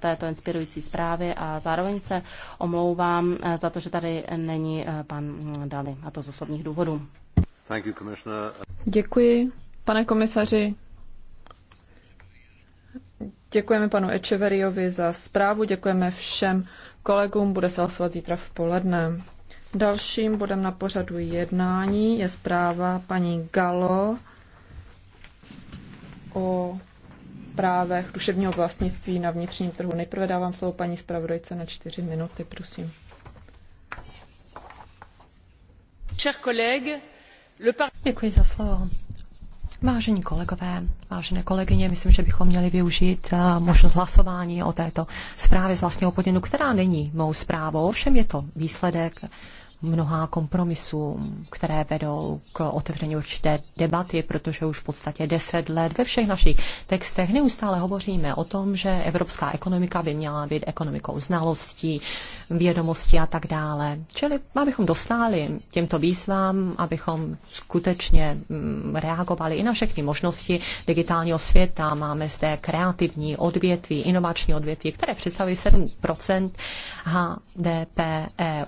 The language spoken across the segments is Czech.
této inspirující zprávy a zároveň se omlouvám eh, za to, že tady není eh, pan mm, Dali, a to z osobních důvodů. You, Děkuji, pane komisaři. Děkujeme panu Echeveriovi za zprávu, děkujeme všem kolegům, bude se hlasovat zítra v poledne. Dalším bodem na pořadu jednání je zpráva paní Galo o právech duševního vlastnictví na vnitřním trhu. Nejprve dávám slovo paní zpravodajce na čtyři minuty, prosím. Děkuji za slovo. Vážení kolegové, vážené kolegyně, myslím, že bychom měli využít eh, možnost hlasování o této zprávě z vlastního podnětu, která není mou zprávou, ovšem je to výsledek mnoha kompromisům, které vedou k otevření určité debaty, protože už v podstatě deset let ve všech našich textech neustále hovoříme o tom, že evropská ekonomika by měla být ekonomikou znalostí, vědomostí a tak dále. Čili abychom dostali těmto výzvám, abychom skutečně mm, reagovali i na všechny možnosti digitálního světa. Máme zde kreativní odvětví, inovační odvětví, které představují 7 HDP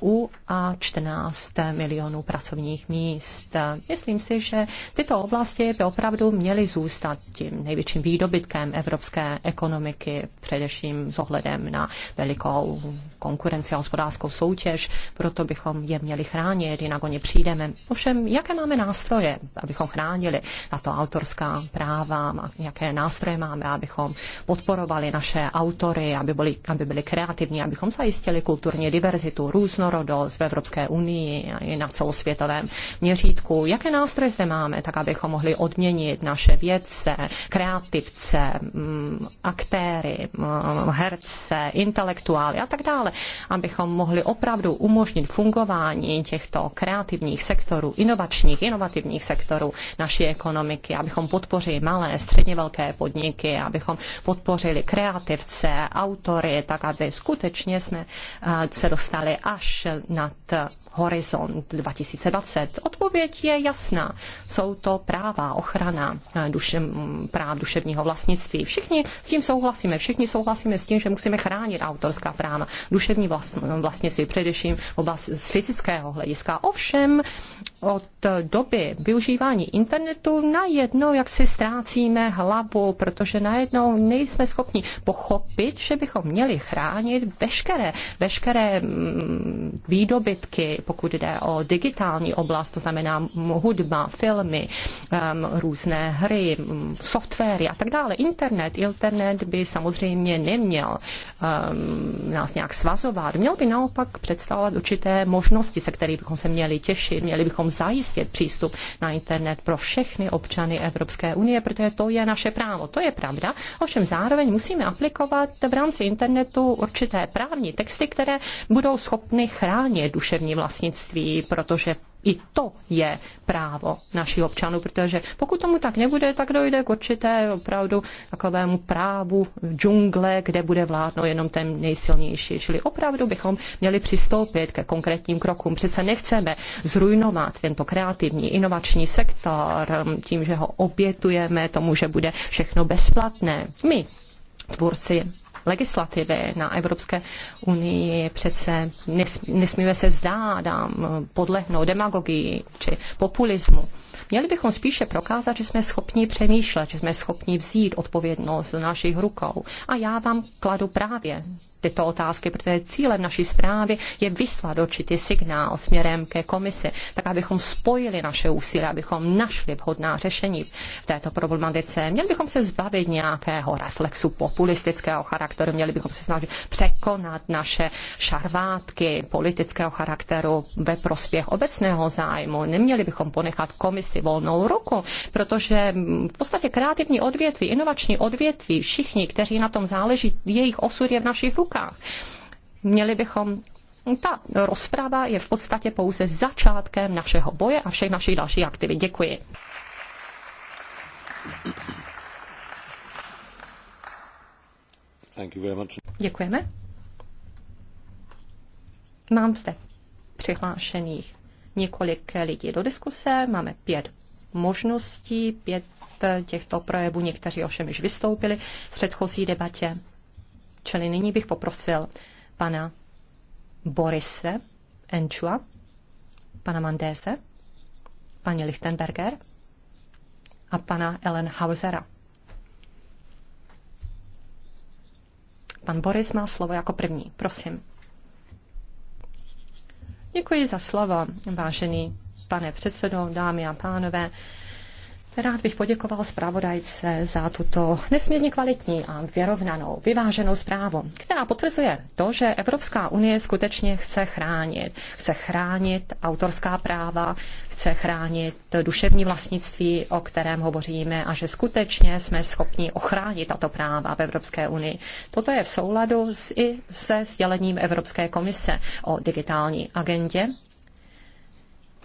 EU a 14 14 milionů pracovních míst. Myslím si, že tyto oblasti by opravdu měly zůstat tím největším výdobytkem evropské ekonomiky, především s ohledem na velikou konkurenci a hospodářskou soutěž, proto bychom je měli chránit, jinak o ně přijdeme. Ovšem, jaké máme nástroje, abychom chránili to autorská práva, jaké nástroje máme, abychom podporovali naše autory, aby byli, aby byli kreativní, abychom zajistili kulturní diverzitu, různorodost v Evropské unii a i na celosvětovém měřítku. Jaké nástroje zde máme, tak abychom mohli odměnit naše vědce, kreativce, mm, aktéry, mm, herce, intelektuály a tak dále, abychom mohli opravdu umožnit fungování těchto kreativních sektorů, inovačních, inovativních sektorů naší ekonomiky, abychom podpořili malé, středně velké podniky, abychom podpořili kreativce, autory, tak aby skutečně jsme eh, se dostali až nad Horizont 2020? Odpověď je jasná. Jsou to práva, ochrana eh, duše, práv duševního vlastnictví. Všichni s tím souhlasíme. Všichni souhlasíme s tím, že musíme chránit autorská práva, duševní vlastnictví, především oblast z fyzického hlediska. Ovšem, od doby využívání internetu najednou jak si ztrácíme hlavu, protože najednou nejsme schopni pochopit, že bychom měli chránit veškeré, veškeré mm, výdobytky, pokud jde o digitální oblast, to znamená hudba, filmy, různé hry, mm, softwary a tak dále. Internet, internet by samozřejmě neměl nás nějak svazovat, měl by naopak představovat určité možnosti, se kterými bychom se měli těšit, měli bychom zajistit přístup na internet pro všechny občany Evropské unie, protože to je naše právo. To je pravda. Ovšem zároveň musíme aplikovat v rámci internetu určité právní texty, které budou schopny chránit duševní vlastnictví, protože i to je právo našich občanů, protože pokud tomu tak nebude, tak dojde k určité opravdu takovému právu džungle, kde bude vládnout jenom ten nejsilnější. Čili opravdu bychom měli přistoupit ke konkrétním krokům. Přece nechceme zrujnovat tento kreativní inovační sektor tím, že ho obětujeme tomu, že bude všechno bezplatné. My, tvůrci legislativy na Evropské unii je přece nesmíme se vzdát a podlehnout demagogii či populismu. Měli bychom spíše prokázat, že jsme schopni přemýšlet, že jsme schopni vzít odpovědnost do našich rukou. A já vám kladu právě tyto otázky, protože cílem naší zprávy je vyslat určitý signál směrem ke komisi, tak abychom spojili naše úsilí, abychom našli vhodná řešení v této problematice. Měli bychom se zbavit nějakého reflexu populistického charakteru, měli bychom se snažit překonat naše šarvátky politického charakteru ve prospěch obecného zájmu. Neměli bychom ponechat komisi volnou ruku, protože v podstatě kreativní odvětví, inovační odvětví, všichni, kteří na tom záleží, jejich osud je v našich rukách rukách. Měli bychom ta rozprava je v podstatě pouze začátkem našeho boje a všech našich dalších aktivit. Děkuji. Děkujeme. Mám zde přihlášených několik lidí do diskuse. Máme pět možností, pět těchto projevů. Někteří ovšem již vystoupili v předchozí debatě. Čili nyní bych poprosil pana Borise Enčua, pana Mandéze, paní Lichtenberger a pana Ellen Hausera. Pan Boris má slovo jako první. Prosím. Děkuji za slovo, vážený pane předsedo, dámy a pánové. Rád bych poděkoval zpravodajce za tuto nesmírně kvalitní a vyrovnanou, vyváženou zprávu, která potvrzuje to, že Evropská unie skutečně chce chránit. Chce chránit autorská práva, chce chránit duševní vlastnictví, o kterém hovoříme, a že skutečně jsme schopni ochránit tato práva v Evropské unii. Toto je v souladu s, i se sdělením Evropské komise o digitální agendě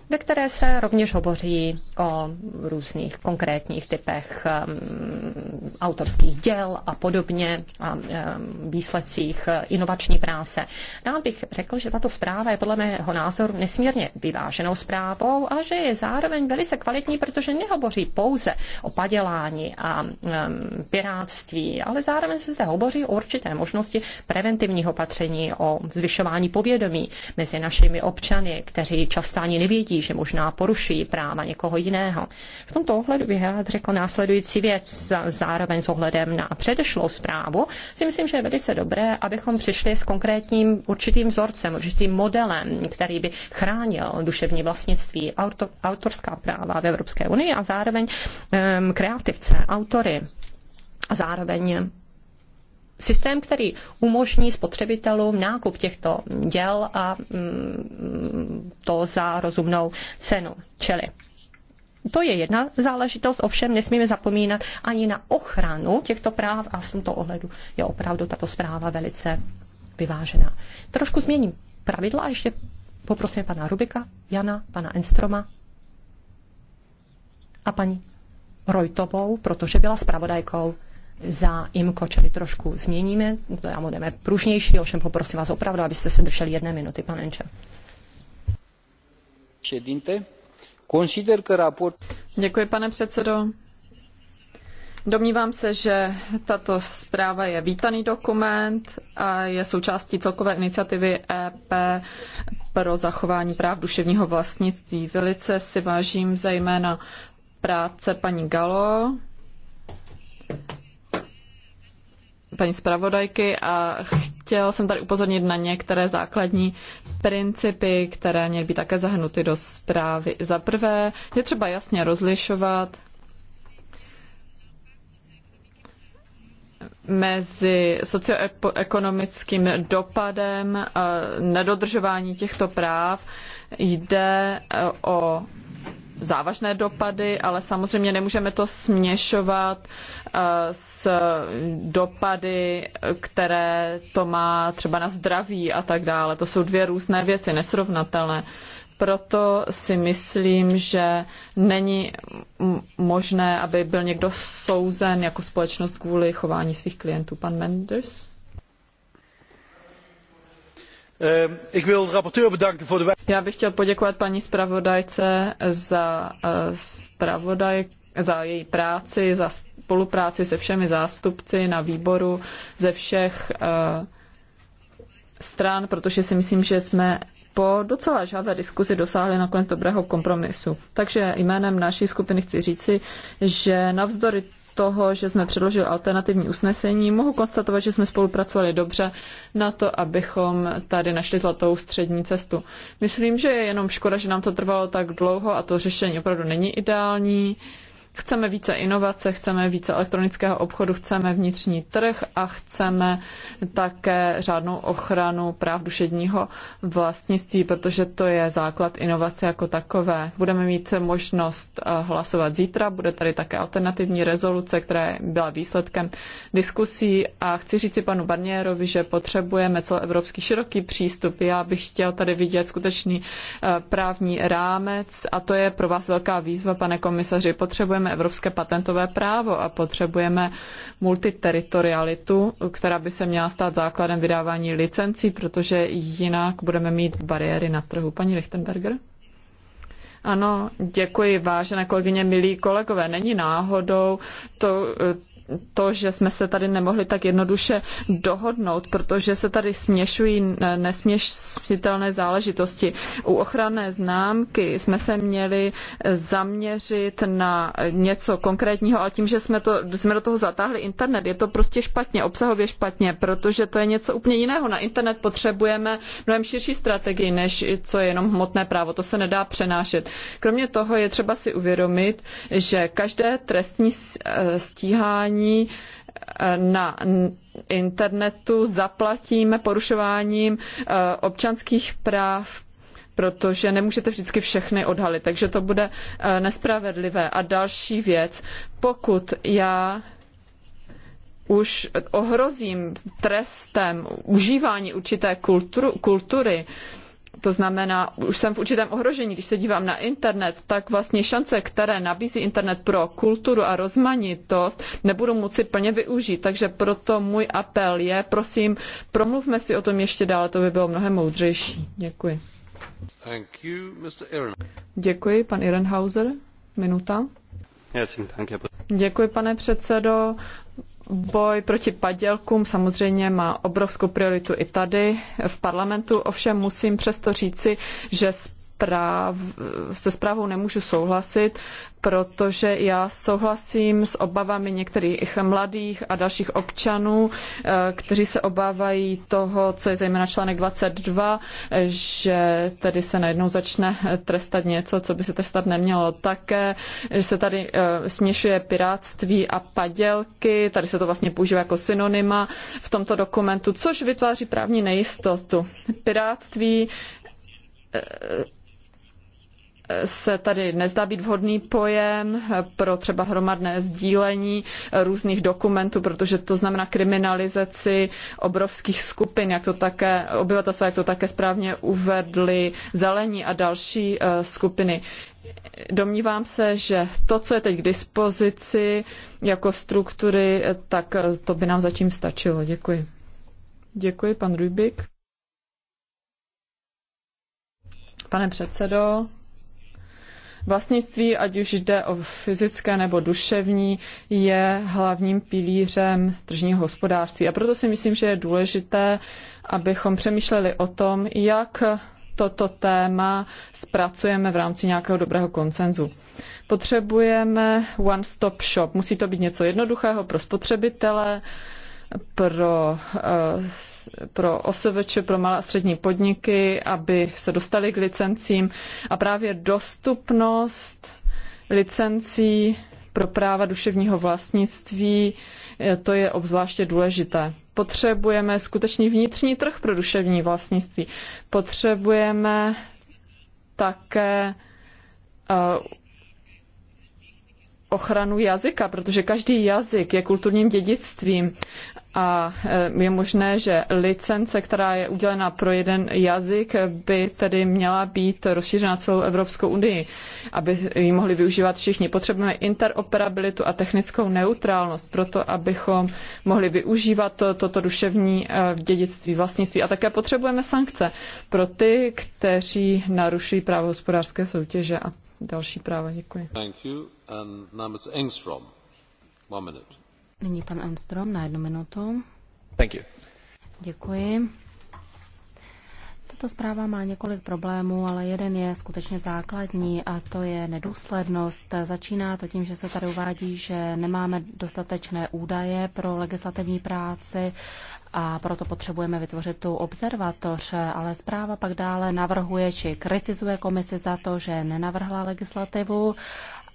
ve které se rovněž hovoří o různých konkrétních typech um, autorských děl a podobně a um, výsledcích uh, inovační práce. No, já bych řekl, že tato zpráva je podle mého názoru nesmírně vyváženou zprávou a že je zároveň velice kvalitní, protože nehovoří pouze o padělání a um, ale zároveň se zde hovoří o určité možnosti preventivního opatření, o zvyšování povědomí mezi našimi občany, kteří často ani nevědí, že možná porušují práva někoho jiného. V tomto ohledu bych rád řekl následující věc, zároveň s ohledem na předešlou zprávu, si myslím, že je velice dobré, abychom přišli s konkrétním určitým vzorcem, určitým modelem, který by chránil duševní vlastnictví, auto, autorská práva v Evropské unii a zároveň um, kreativce, autory a zároveň systém, který umožní spotřebitelům nákup těchto děl a mm, to za rozumnou cenu. Čili to je jedna záležitost, ovšem nesmíme zapomínat ani na ochranu těchto práv a v tomto ohledu je opravdu tato zpráva velice vyvážená. Trošku změním pravidla a ještě poprosím pana Rubika, Jana, pana Enstroma a paní Rojtovou, protože byla zpravodajkou za Imko, čili trošku změníme, to já budeme pružnější, ovšem poprosím vás opravdu, abyste se drželi jedné minuty, pane Enče. Děkuji, pane předsedo. Domnívám se, že tato zpráva je vítaný dokument a je součástí celkové iniciativy EP pro zachování práv duševního vlastnictví. Velice si vážím zejména práce paní Galo paní zpravodajky a chtěl jsem tady upozornit na některé základní principy, které měly být také zahrnuty do zprávy. Za prvé je třeba jasně rozlišovat mezi socioekonomickým dopadem nedodržování těchto práv. Jde o závažné dopady, ale samozřejmě nemůžeme to směšovat eh, s dopady, které to má třeba na zdraví a tak dále. To jsou dvě různé věci, nesrovnatelné. Proto si myslím, že není možné, aby byl někdo souzen jako společnost kvůli chování svých klientů. Pan Menders? Eh, Já bych chtěl poděkovat paní zpravodajce za, eh, zpravodaj, za její práci, za spolupráci se všemi zástupci na výboru ze všech eh, stran, protože si myslím, že jsme po docela žhavé diskuzi dosáhli nakonec dobrého kompromisu. Takže jménem naší skupiny chci říci, že navzdory toho, že jsme předložili alternativní usnesení, mohu konstatovat, že jsme spolupracovali dobře na to, abychom tady našli zlatou střední cestu. Myslím, že je jenom škoda, že nám to trvalo tak dlouho a to řešení opravdu není ideální. Chceme více inovace, chceme více elektronického obchodu, chceme vnitřní trh a chceme také řádnou ochranu práv duševního vlastnictví, protože to je základ inovace jako takové. Budeme mít možnost eh, hlasovat zítra, bude tady také alternativní rezoluce, která byla výsledkem diskusí a chci říci panu Barnierovi, že potřebujeme celoevropský široký přístup. Já bych chtěl tady vidět skutečný eh, právní rámec a to je pro vás velká výzva, pane komisaři. Potřebujeme potřebujeme evropské patentové právo a potřebujeme multiteritorialitu, která by se měla stát základem vydávání licencí, protože jinak budeme mít bariéry na trhu. Paní Lichtenberger? Ano, děkuji, vážené kolegyně, milí kolegové. Není náhodou to, to, že jsme se tady nemohli tak jednoduše dohodnout, protože se tady směšují nesměšitelné záležitosti. U ochranné známky jsme se měli zaměřit na něco konkrétního, ale tím, že jsme, to, jsme do toho zatáhli internet, je to prostě špatně, obsahově špatně, protože to je něco úplně jiného. Na internet potřebujeme mnohem širší strategii, než co je jenom hmotné právo. To se nedá přenášet. Kromě toho je třeba si uvědomit, že každé trestní stíhání porušování eh, na internetu zaplatíme porušováním eh, občanských práv, protože nemůžete vždycky všechny odhalit, takže to bude eh, nespravedlivé. A další věc, pokud já už ohrozím trestem užívání určité kulturu, kultury, to znamená, už jsem v určitém ohrožení, když se dívám na internet, tak vlastně šance, které nabízí internet pro kulturu a rozmanitost, nebudu moci plně využít. Takže proto můj apel je, prosím, promluvme si o tom ještě dále, to by bylo mnohem moudřejší. Děkuji. Thank you, Mr. Děkuji, pan Ehrenhauser. Minuta. Děkuji, pane předsedo. Boj proti padělkům samozřejmě má obrovskou prioritu i tady v parlamentu, ovšem musím přesto říci, že se zprávou nemůžu souhlasit, protože já souhlasím s obavami některých mladých a dalších občanů, eh, kteří se obávají toho, co je zejména článek 22, že tedy se najednou začne trestat něco, co by se trestat nemělo také, že se tady eh, směšuje piráctví a padělky, tady se to vlastně používá jako synonyma v tomto dokumentu, což vytváří právní nejistotu. Piráctví eh, se tady nezdá být vhodný pojem pro třeba hromadné sdílení různých dokumentů, protože to znamená kriminalizaci obrovských skupin, jak to také obyvatelstva, jak to také správně uvedli zelení a další eh, skupiny. Domnívám se, že to, co je teď k dispozici jako struktury, eh, tak eh, to by nám zatím stačilo. Děkuji. Děkuji, pan Rubik. Pane předsedo, Vlastnictví, ať už jde o fyzické nebo duševní, je hlavním pilířem tržního hospodářství. A proto si myslím, že je důležité, abychom přemýšleli o tom, jak toto téma zpracujeme v rámci nějakého dobrého koncenzu. Potřebujeme one-stop shop. Musí to být něco jednoduchého pro spotřebitele, pro, eh, pro OSVČ, pro malé a střední podniky, aby se dostali k licencím a právě dostupnost licencí pro práva duševního vlastnictví, eh, to je obzvláště důležité. Potřebujeme skutečný vnitřní trh pro duševní vlastnictví. Potřebujeme také eh, ochranu jazyka, protože každý jazyk je kulturním dědictvím a eh, je možné, že licence, která je udělena pro jeden jazyk, by tedy měla být rozšířena celou Evropskou unii, aby ji mohli využívat všichni. Potřebujeme interoperabilitu a technickou neutrálnost proto, abychom mohli využívat to, toto duševní eh, dědictví, vlastnictví. A také potřebujeme sankce pro ty, kteří narušují právo hospodářské soutěže a další práva. Děkuji. Thank you. And now Mr. One minute. Nyní pan Enstrom na jednu minutu. Thank you. Děkuji. Tato zpráva má několik problémů, ale jeden je skutečně základní a to je nedůslednost. Začíná to tím, že se tady uvádí, že nemáme dostatečné údaje pro legislativní práci a proto potřebujeme vytvořit tu observatoř, ale zpráva pak dále navrhuje či kritizuje komisi za to, že nenavrhla legislativu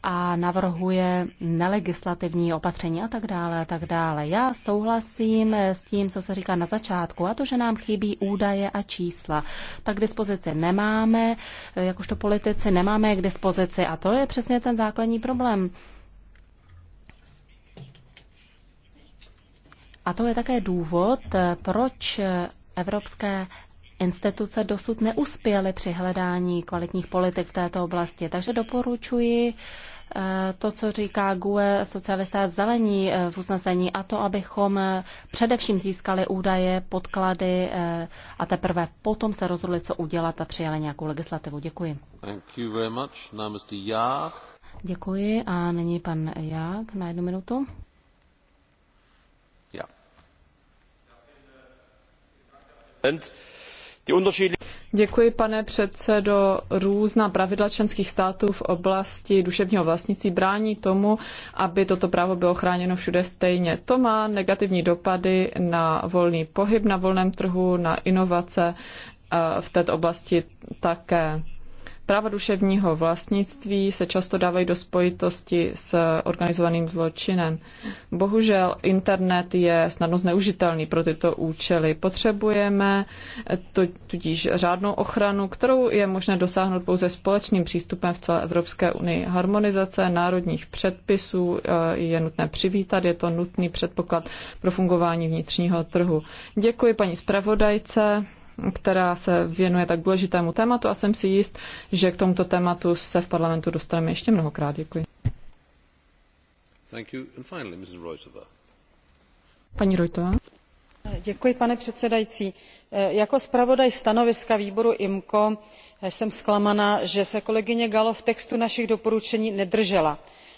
a navrhuje nelegislativní opatření a tak dále a tak dále. Já souhlasím s tím, co se říká na začátku, a to, že nám chybí údaje a čísla. Tak k dispozici nemáme, jakožto politici nemáme k dispozici a to je přesně ten základní problém. A to je také důvod, proč evropské instituce dosud neuspěly při hledání kvalitních politik v této oblasti. Takže doporučuji eh, to, co říká GUE socialista zelení eh, v usnesení, a to, abychom eh, především získali údaje, podklady a teprve potom se rozhodli, co udělat a přijali nějakou legislativu. Děkuji. Thank you very much. Now Mr. Yag. Děkuji a nyní pan Jak na jednu minutu. Yeah. Děkuji, pane předsedo. Různá pravidla členských států v oblasti duševního vlastnictví brání tomu, aby toto právo bylo chráněno všude stejně. To má negativní dopady na volný pohyb na volném trhu, na inovace eh, v této oblasti také. Práva duševního vlastnictví se často dávají do spojitosti s organizovaným zločinem. Bohužel internet je snadno zneužitelný pro tyto účely. Potřebujeme tudíž řádnou ochranu, kterou je možné dosáhnout pouze společným přístupem v celé Evropské unii. Harmonizace národních předpisů eh, je nutné přivítat, je to nutný předpoklad pro fungování vnitřního trhu. Děkuji paní zpravodajce která se věnuje tak důležitému tématu a jsem si jist, že k tomuto tématu se v parlamentu dostaneme ještě mnohokrát. Děkuji. Finally, Paní Rojtová. Děkuji, pane předsedající. Eh, jako zpravodaj stanoviska výboru IMCO eh, jsem zklamaná, že se kolegyně Galo v textu našich doporučení nedržela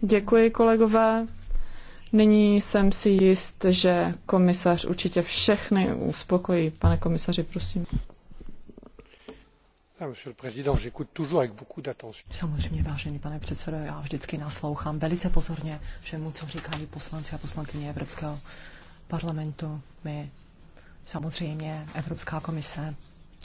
Děkuji, kolegové. Nyní jsem si jist, že komisař určitě všechny uspokojí. Pane komisaři, prosím. Ah, samozřejmě, vážený pane předsedo, já vždycky naslouchám velice pozorně všemu, co říkají poslanci a poslankyně Evropského parlamentu. My samozřejmě Evropská komise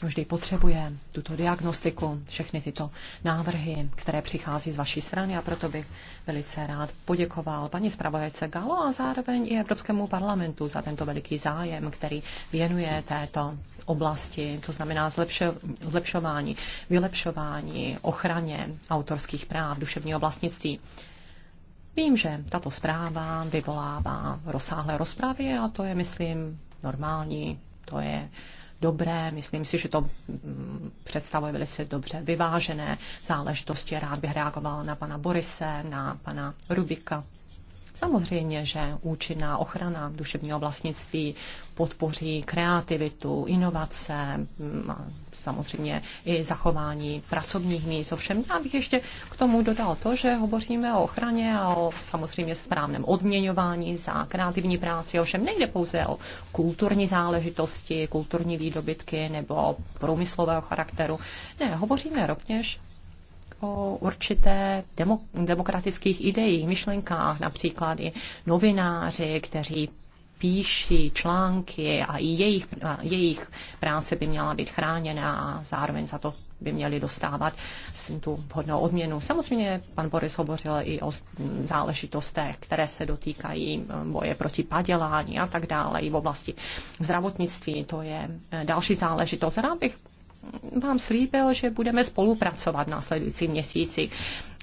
vždy potřebuje tuto diagnostiku, všechny tyto návrhy, které přichází z vaší strany a proto bych velice rád poděkoval paní zpravodajce Galo a zároveň i Evropskému parlamentu za tento veliký zájem, který věnuje této oblasti, to znamená zlepšo, zlepšování, vylepšování, ochraně autorských práv, duševního vlastnictví. Vím, že tato zpráva vyvolává rozsáhlé rozpravy a to je, myslím, normální, to je uh, dobré. Myslím si, že to mm, představuje velice dobře vyvážené záležitosti. Rád bych reagoval na pana Borise, na pana Rubika. Samozřejmě, že účinná ochrana duševního vlastnictví podpoří kreativitu, inovace, mm, samozřejmě i zachování pracovních míst. Ovšem já bych ještě k tomu dodal to, že hovoříme o ochraně a o samozřejmě správném odměňování za kreativní práci. Ovšem nejde pouze o kulturní záležitosti, kulturní výdobytky nebo průmyslového charakteru. Ne, hovoříme rovněž o určité demokratických ideích, myšlenkách, například i novináři, kteří píší články a i jejich, jejich práce by měla být chráněna a zároveň za to by měli dostávat tu vhodnou odměnu. Samozřejmě pan Boris hovořil i o záležitostech, které se dotýkají boje proti padělání a tak dále, i v oblasti zdravotnictví. To je eh, další záležitost. Rád bych vám slíbil, že budeme spolupracovat v následující měsících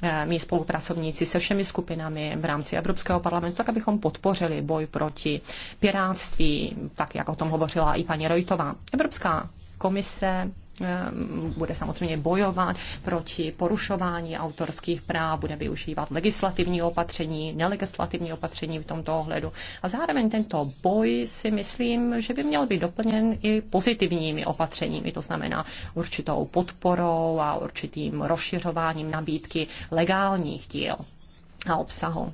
eh, my spolupracovníci se všemi skupinami v rámci Evropského parlamentu, tak abychom podpořili boj proti piráctví, tak jak o tom hovořila i paní Rojtová. Evropská komise Ehm, bude samozřejmě bojovat proti porušování autorských práv, bude využívat legislativní opatření, nelegislativní opatření v tomto ohledu. A zároveň tento boj si myslím, že by měl být doplněn i pozitivními opatřeními, to znamená určitou podporou a určitým rozšiřováním nabídky legálních díl a obsahu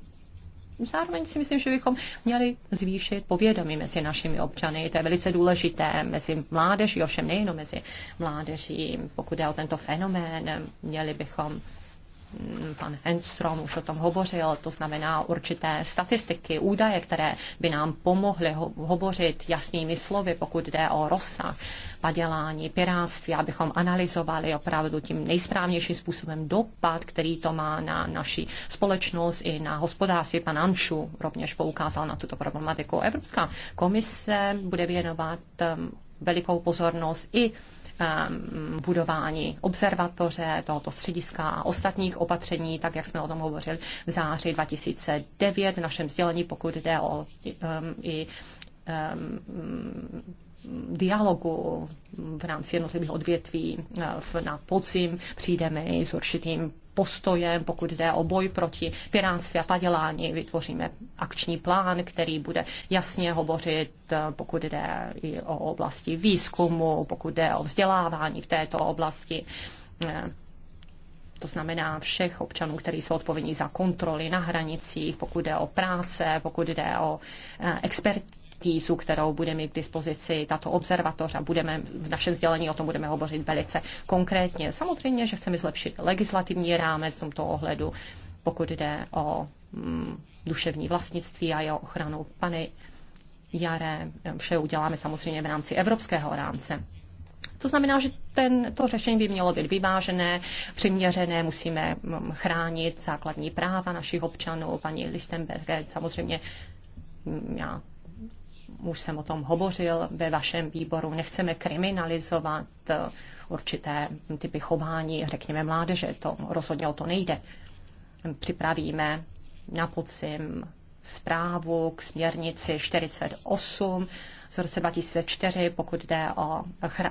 zároveň si myslím, že bychom měli zvýšit povědomí mezi našimi občany. To je velice důležité mezi mládeží, ovšem nejenom mezi mládeží. Pokud je o tento fenomén, měli bychom pan Enstrom už o tom hovořil, to znamená určité statistiky, údaje, které by nám pomohly ho- hovořit jasnými slovy, pokud jde o rozsah padělání, piráctví, abychom analyzovali opravdu tím nejsprávnějším způsobem dopad, který to má na naši společnost i na hospodářství. Pan Anšu rovněž poukázal na tuto problematiku. Evropská komise bude věnovat um, velikou pozornost i Um, budování observatoře, tohoto střediska a ostatních opatření, tak jak jsme o tom hovořili v září 2009 v našem sdělení, pokud jde o um, i um, dialogu v rámci jednotlivých odvětví eh, na podzim. Přijdeme i s určitým postojem, pokud jde o boj proti piránství a padělání. Vytvoříme akční plán, který bude jasně hovořit, eh, pokud jde i o oblasti výzkumu, pokud jde o vzdělávání v této oblasti. Eh, to znamená všech občanů, kteří jsou odpovědní za kontroly na hranicích, pokud jde o práce, pokud jde o expert, expertízu, kterou bude mít k dispozici tato observatoř a budeme v našem sdělení o tom budeme hovořit velice konkrétně. Samozřejmě, že chceme zlepšit legislativní rámec v tomto ohledu, pokud jde o mm, duševní vlastnictví a jeho ochranu. Pane Jare, vše uděláme samozřejmě v rámci evropského rámce. To znamená, že ten, to řešení by mělo být vyvážené, přiměřené, musíme mm, chránit základní práva našich občanů. Paní Listenberger samozřejmě mm, já už jsem o tom hovořil ve vašem výboru, nechceme kriminalizovat eh, určité typy chování, řekněme mládeže, to rozhodně o to nejde. Připravíme na podzim zprávu k směrnici 48 z roce 2004, pokud jde o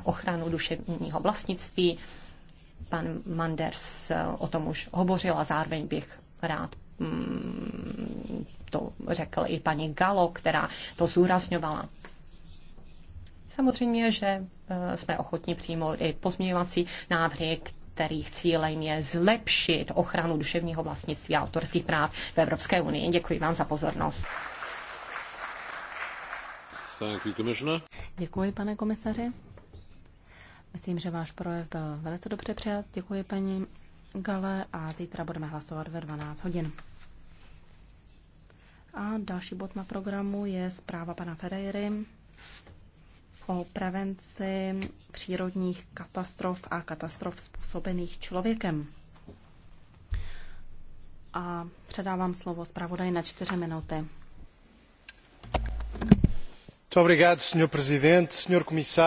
ochranu duševního vlastnictví. Pan Manders eh, o tom už hovořil a zároveň bych rád Mm, to řekl i paní Galo, která to zúrazňovala. Samozřejmě, že eh, jsme ochotni přijmout i pozměňovací návrhy, kterých cílem je zlepšit ochranu duševního vlastnictví a autorských práv v Evropské unii. Děkuji vám za pozornost. Děkuji, pane komisaři. Myslím, že váš projev byl velice dobře přijat. Děkuji, paní gale a zítra budeme hlasovat ve 12 hodin. A další bod na programu je zpráva pana Ferreiry o prevenci přírodních katastrof a katastrof způsobených člověkem. A předávám slovo zpravodaj na čtyři minuty. Muito obrigado, senhor presidente, senhor comissário.